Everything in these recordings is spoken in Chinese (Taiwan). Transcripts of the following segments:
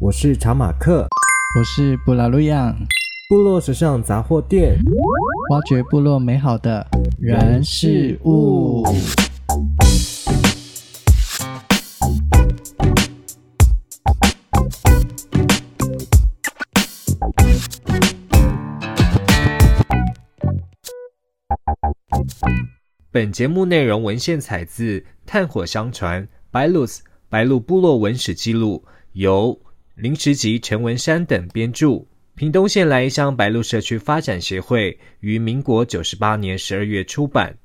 我是查馬克，我是布拉路漾，部落時尚雜貨店，挖掘部落美好的人事物。本節目內容文獻採自《炭火相傳》白鷺斯《白鷺》《白鷺部落文史記錄》，由，林時吉、陳文山等編著，《屏東縣來義鄉白鷺社區發展協會》於民國九十八年十二月出版。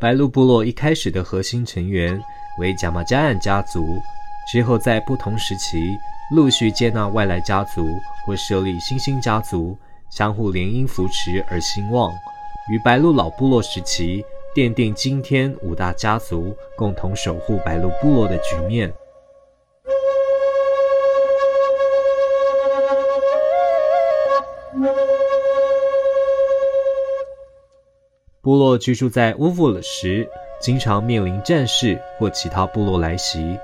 白鷺部落一開始的核心成員為賈馬加岸家族，之後在不同時期陸續接納外來家族或設立新興家族，相互聯姻扶持而興旺，於白鷺老部落時期奠定今天五大家族共同守護白鷺部落的局面。部落居住在 uvulj 的時，經常面臨戰事或其他部落來襲。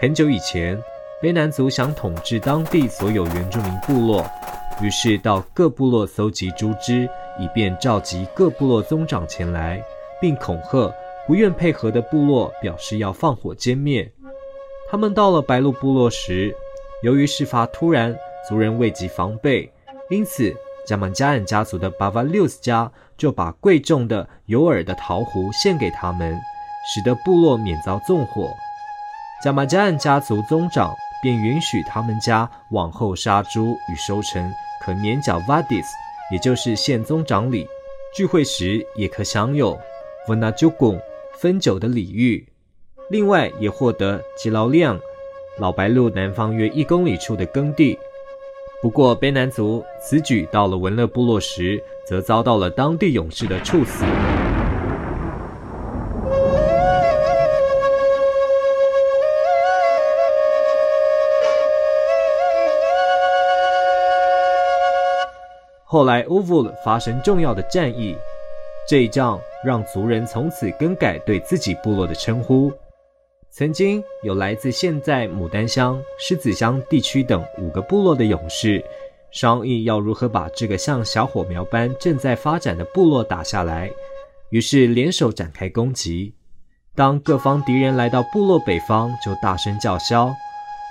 很久以前，卑南族想統治當地所有原住民部落，於是到各部落搜集豬隻，以便召集各部落宗長前來，並恐嚇不願配合的部落，表示要放火殲滅。他們到了白鷺部落時，由於事發突然，族人未及防備，因此 tjamatja'an 家族的巴巴六斯家，就把貴重的有耳的陶壺獻給他們，使得部落免遭縱火。加瑪加安家族宗長便允許他們家往後殺豬與收成可免繳 Vadis，也就是獻宗長禮；聚會時也可享有 Vanajukun 分酒的禮遇。另外，也獲得吉勞量，老白鷺南方約一公里處的耕地。不過，卑南族此舉到了文樂部落時，則遭到了當地勇士的處死。後來，uvulj 發生重要的戰役，這一仗讓族人從此更改對自己部落的稱呼。曾經有來自現在牡丹鄉、獅子鄉地區等五個部落的勇士，商議要如何把這個像小火苗般正在發展的部落打下來，於是聯手展開攻擊。當各方敵人來到部落北方，就大聲叫囂，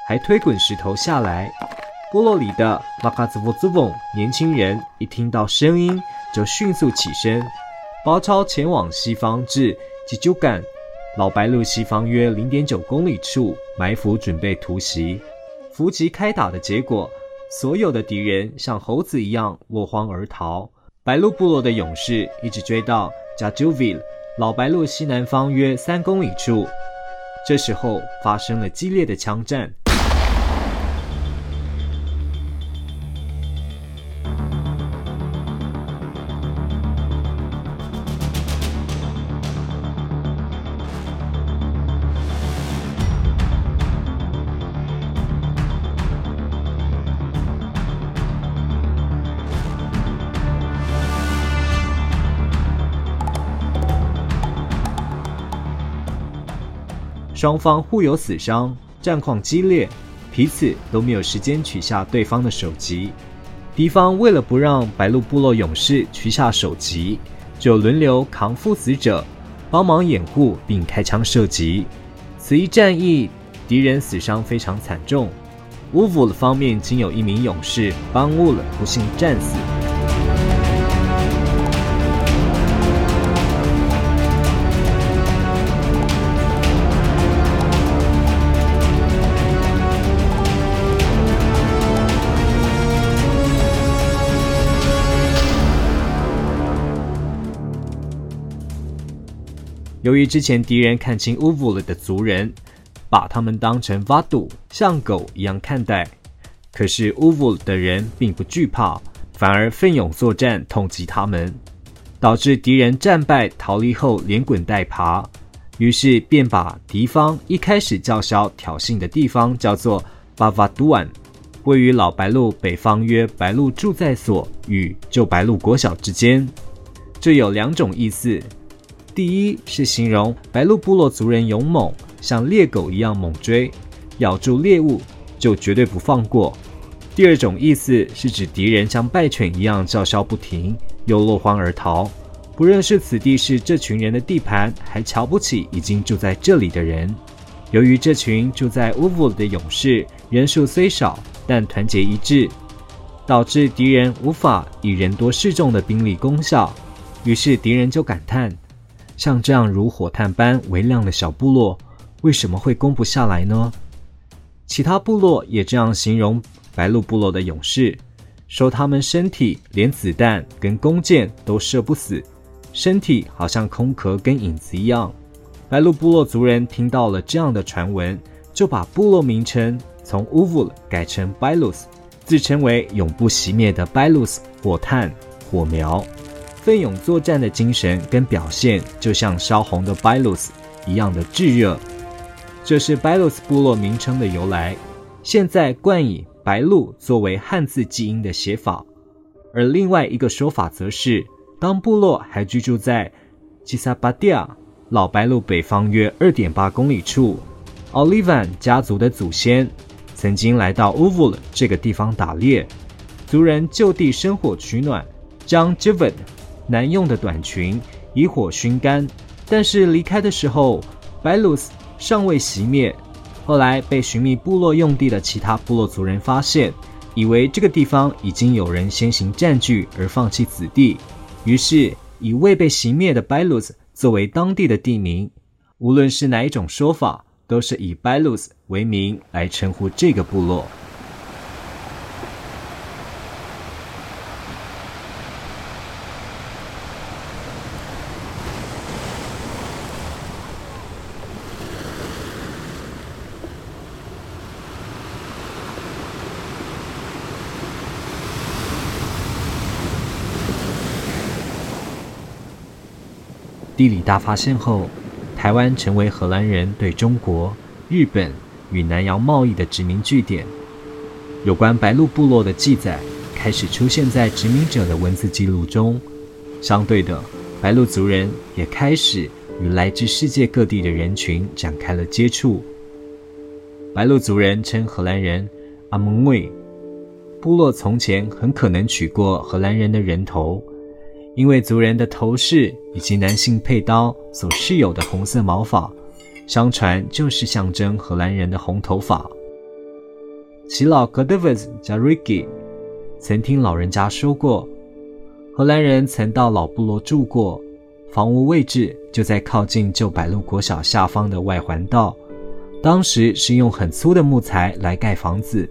還推滾石頭下來。部落裡的拉卡茲夫茲翁年輕人一聽到聲音，就迅速起身，包抄前往西方至吉久干。老白鷺西方約零點九公里處埋伏，準備突襲。伏擊開打的結果，所有的敵人像猴子一樣落荒而逃。白鷺部落的勇士一直追到 Jaduvi，老白鷺西南方約三公里處。這時候發生了激烈的槍戰。雙方互有死傷，戰況激烈，彼此都沒有時間取下對方的首級。敵方為了不讓白鷺部落勇士取下首級，就輪流扛負死者，幫忙掩護並開槍射擊。此一戰役，敵人死傷非常慘重，烏武的方面僅有一名勇士邦烏了不幸戰死。由於之前敵人看清 uvulj 的族人，把他們當成 Vattu 像狗一樣看待。可是 uvulj 的人並不懼怕，反而奮勇作戰，痛擊他們，導致敵人戰敗逃離後連滾帶爬。於是便把敵方一開始叫囂挑釁的地方叫做 puvatuwan，位於老白鷺北方約白鷺駐在所與舊白鷺國小之間。這有兩種意思。第一是形容白鷺部落族人勇猛，像獵狗一樣猛追，咬住獵物就絕對不放過。第二種意思是指敵人像敗犬一樣叫囂不停，又落荒而逃，不認識此地是這群人的地盤，還瞧不起已經住在這裡的人。由於這群住在 uvulj 的勇士人數雖少，但團結一致，導致敵人無法以人多勢眾的兵力攻下，於是敵人就感嘆。像這樣如火炭般微亮的小部落，為什麼會攻不下來呢？其他部落也這樣形容白鹿部落的勇士，說他們身體連子彈跟弓箭都射不死，身體好像空殼跟影子一樣。白鹿部落族人聽到了這樣的傳聞，就把部落名稱從烏烏 l 改成白鹿斯，自稱為永不熄滅的白鹿斯火炭火苗。奮勇作戰的精神跟表現，就像燒紅的白鷺一樣的炙熱，這是白鷺部落名稱的由來。現在慣以“白鷺”作為漢字記音的寫法，而另外一個說法則是，當部落還居住在基薩巴迪亞（老白鷺）北方約二點八公里處，奧利凡家族的祖先曾經來到烏沃勒這個地方打獵，族人就地生火取暖，將 Jiven。男用的短裙以火熏乾，但是離開的時候，白鷺斯尚未熄滅。後來被尋覓部落用地的其他部落族人發現，以為這個地方已經有人先行占據而放棄此地，於是以未被熄滅的白鷺斯作為當地的地名。無論是哪一種說法，都是以白鷺斯為名來稱呼這個部落。地理大發現後，台灣成為荷蘭人對中國、日本與南洋貿易的殖民據點。有關白鷺部落的記載開始出現在殖民者的文字記錄中。相對的，白鷺族人也開始與來自世界各地的人群展開了接觸。白鷺族人稱荷蘭人“阿蒙威”，部落從前很可能取過荷蘭人的人頭。因為族人的頭飾以及男性佩刀所飾有的紅色毛髮，相傳就是象徵荷蘭人的紅頭髮。其老格德維斯加瑞吉曾聽老人家說過，荷蘭人曾到老部落住過，房屋位置就在靠近舊白鷺國小下方的外環道，當時是用很粗的木材來蓋房子。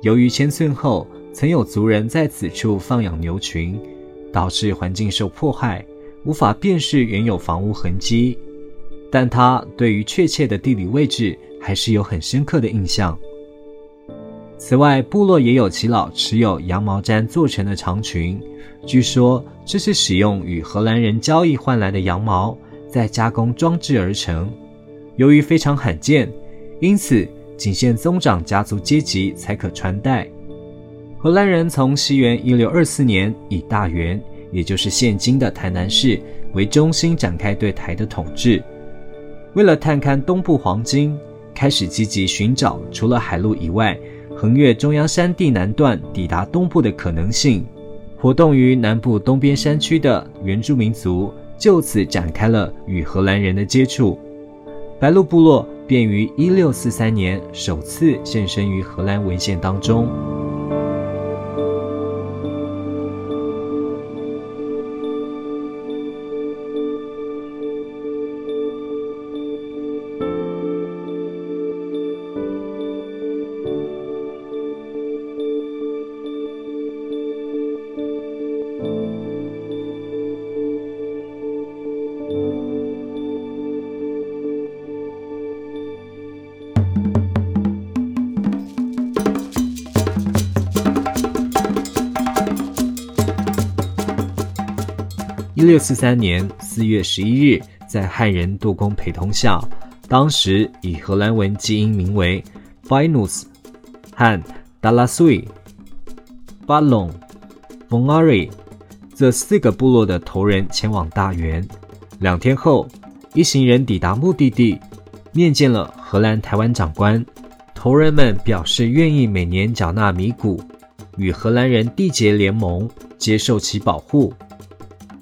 由於遷村後曾有族人在此處放養牛群。導致環境受迫害，無法辨識原有房屋痕跡，但它對於確切的地理位置還是有很深刻的印象。此外，部落也有耆老持有羊毛氈做成的長裙，據說這是使用與荷蘭人交易換來的羊毛再加工裝置而成，由於非常罕見，因此僅限宗長家族階級才可穿戴。荷蘭人從西元一六二四年以大員，也就是現今的台南市為中心展開對台的統治。為了探勘東部黃金，開始積極尋找除了海路以外，橫越中央山地南段抵達東部的可能性。活動於南部東邊山區的原住民族，就此展開了與荷蘭人的接觸。白鷺部落便於一六四三年首次現身於荷蘭文獻當中。1643年4月11日，在漢人杜公陪同下，當時以荷蘭文記音名為 Finus 和 Dalasui、Balong、Vongari 這四個部落的頭人前往大員。兩天後，一行人抵達目的地，面見了荷蘭台灣長官。頭人們表示願意每年繳納米谷，與荷蘭人締結聯盟，接受其保護。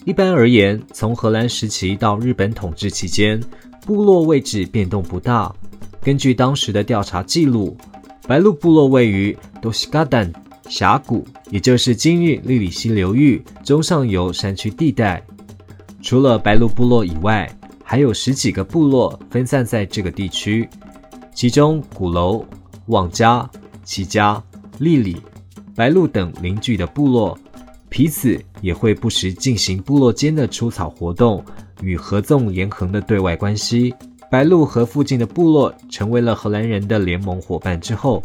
一般而言，從荷蘭時期到日本統治期間，部落位置變動不大。根據當時的調查記錄，白鷺部落位於多西嘎丹峽谷，也就是今日力里溪流域中上游山區地帶。除了白鷺部落以外，還有十幾個部落分散在這個地區，其中古樓、望嘉、七佳、力里、白鷺等鄰居的部落。彼此也會不時進行部落間的出草活動與合縱連橫的對外關係。白鷺和附近的部落成為了荷蘭人的聯盟夥伴之後，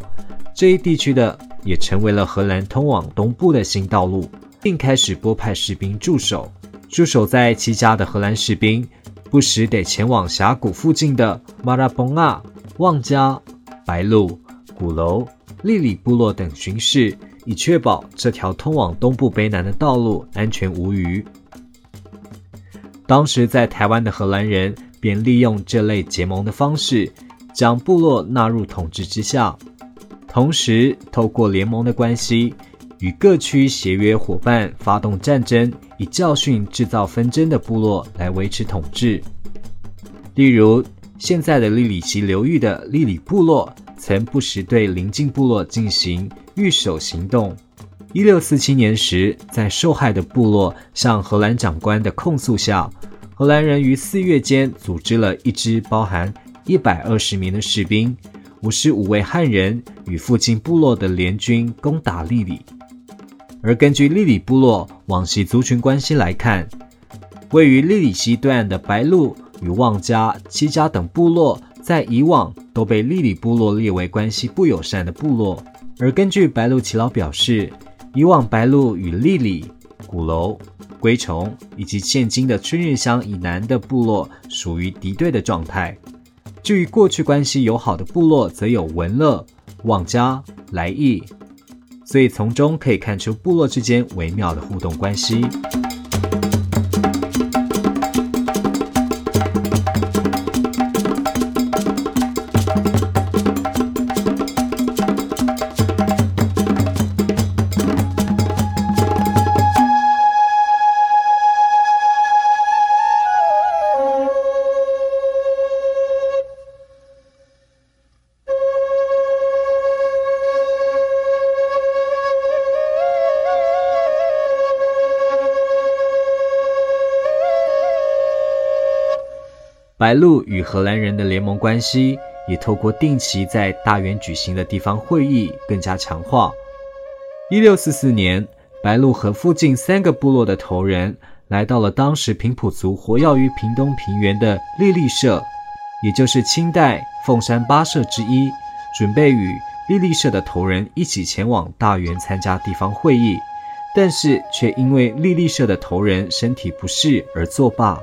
這一地區的也成為了荷蘭通往東部的新道路，並開始撥派士兵駐守。駐守在其家的荷蘭士兵，不時得前往峽谷附近的馬拉崩阿、望嘉、白鷺、古樓、力里部落等巡視。以確保這條通往東部卑南的道路安全無虞。當時在台灣的荷蘭人便利用這類結盟的方式，將部落納入統治之下，同時透過聯盟的關係與各區協約夥伴發動戰爭，以教訓製造紛爭的部落來維持統治。例如現在的力力溪流域的力力部落，曾不時對鄰近部落進行御守行動。一六四七年時，在受害的部落向荷蘭長官的控訴下，荷蘭人於四月間組織了一支包含一百二十名的士兵、五十五位漢人與附近部落的聯軍，攻打力力。而根據力力部落往昔族群關係來看，位於力力西對岸的白鷺與望嘉、七佳等部落。在以往都被力力部落列為關係不友善的部落，而根據白鷺耆老表示，以往白鷺與力力、古樓、歸崇以及現今的春日鄉以南的部落屬於敵對的狀態。至於過去關係友好的部落，則有文樂、望嘉、來義。所以從中可以看出部落之間微妙的互動關係。白鷺與荷蘭人的聯盟關係也透過定期在大員舉行的地方會議更加強化。一六四四年，白鷺和附近三個部落的頭人來到了當時平埔族活躍於屏東平原的力力社，也就是清代鳳山八社之一，準備與力力社的頭人一起前往大員參加地方會議，但是卻因為力力社的頭人身體不適而作罷。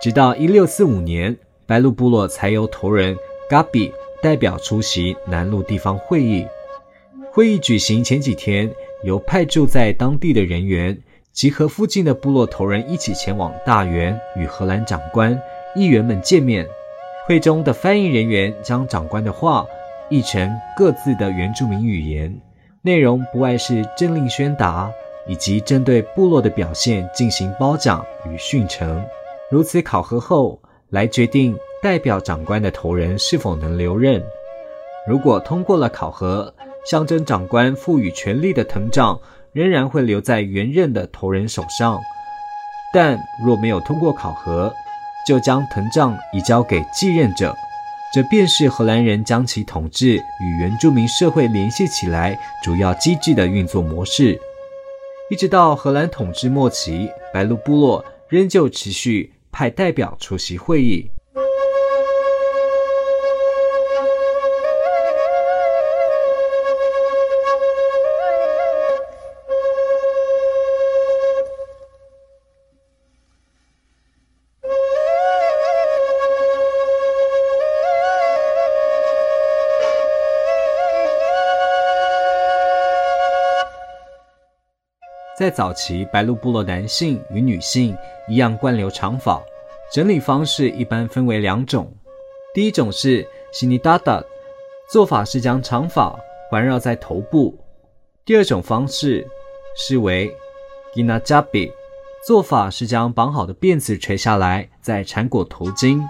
直到一六四五年，白鷺部落才由頭人 kapil 代表出席南路地方會議。會議舉行前幾天，由派駐在當地的人員集合附近的部落頭人一起前往大員，與荷蘭長官、議員們見面。會中的翻譯人員將長官的話譯成各自的原住民語言，內容不外是政令宣達，以及針對部落的表現進行褒獎與訓懲。如此考核後，來決定代表長官的頭人是否能留任。如果通過了考核，象徵長官賦予權力的藤杖仍然會留在原任的頭人手上；但若沒有通過考核，就將藤杖移交給繼任者。這便是荷蘭人將其統治與原住民社會聯繫起來主要機製的運作模式。一直到荷蘭統治末期，白鷺部落仍舊持續。派代表出席會議。在早期，白鷺部落男性與女性一樣，慣留長髮，整理方式一般分為兩種。第一種是 sinitarar，做法是將長髮環繞在頭部；第二種方式是為 qinadjapi 做法是將綁好的辮子垂下來，再纏裹頭巾。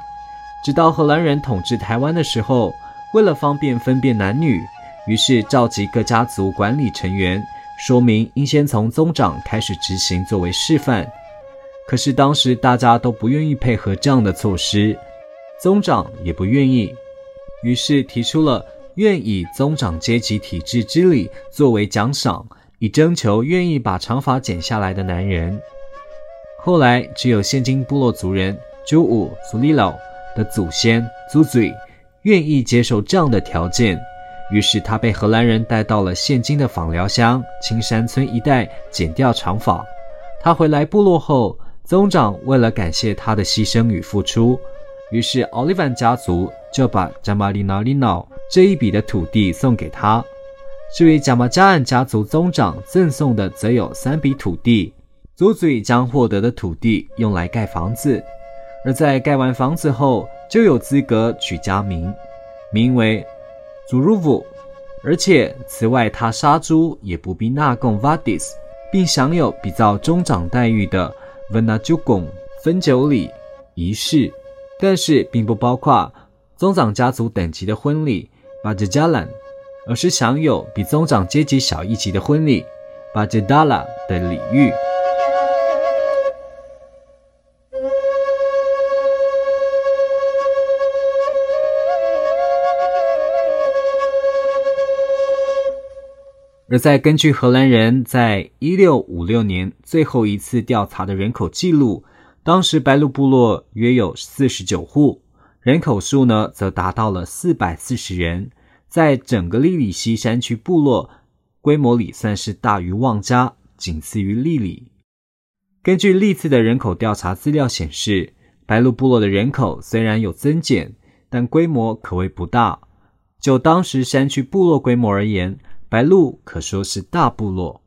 直到荷蘭人統治台灣的時候，為了方便分辨男女，於是召集各家族管理成員。說明應先從宗長開始執行，作為示範。可是當時大家都不願意配合這樣的措施，宗長也不願意，於是提出了願以宗長階級體制之禮作為獎賞，以徵求願意把長髮剪下來的男人。後來只有現今部落族人周武蘇里老的祖先蘇嘴願意接受這樣的條件。於是他被荷蘭人帶到了現今的枋寮鄉青山村一帶，剪掉長髮。他回來部落後，宗長為了感謝他的犧牲與付出，於是奧利凡家族就把賈馬利納利瑙這一筆的土地送給他。至於賈馬加安家族宗長贈送的，則有三筆土地，族子里將獲得的土地用來蓋房子，而在蓋完房子後，就有資格取家名，名為。祖入府，而且此外，他殺豬也不必納貢 Vadis，並享有比較宗長待遇的 Vena jugong 分酒禮儀式，但是並不包括宗長家族等級的婚禮 Bajajalan，而是享有比宗長階級小一級的婚禮 Bajadala 的禮遇。而在根據荷蘭人在一六五六年最後一次調查的人口記錄，當時白鷺部落約有四十九戶，人口數呢則達到了四百四十人，在整個利里西山區部落規模裡算是大於旺家，僅次於利里。根據歷次的人口調查資料顯示，白鷺部落的人口雖然有增減，但規模可謂不大。就當時山區部落規模而言。白鷺可說是大部落。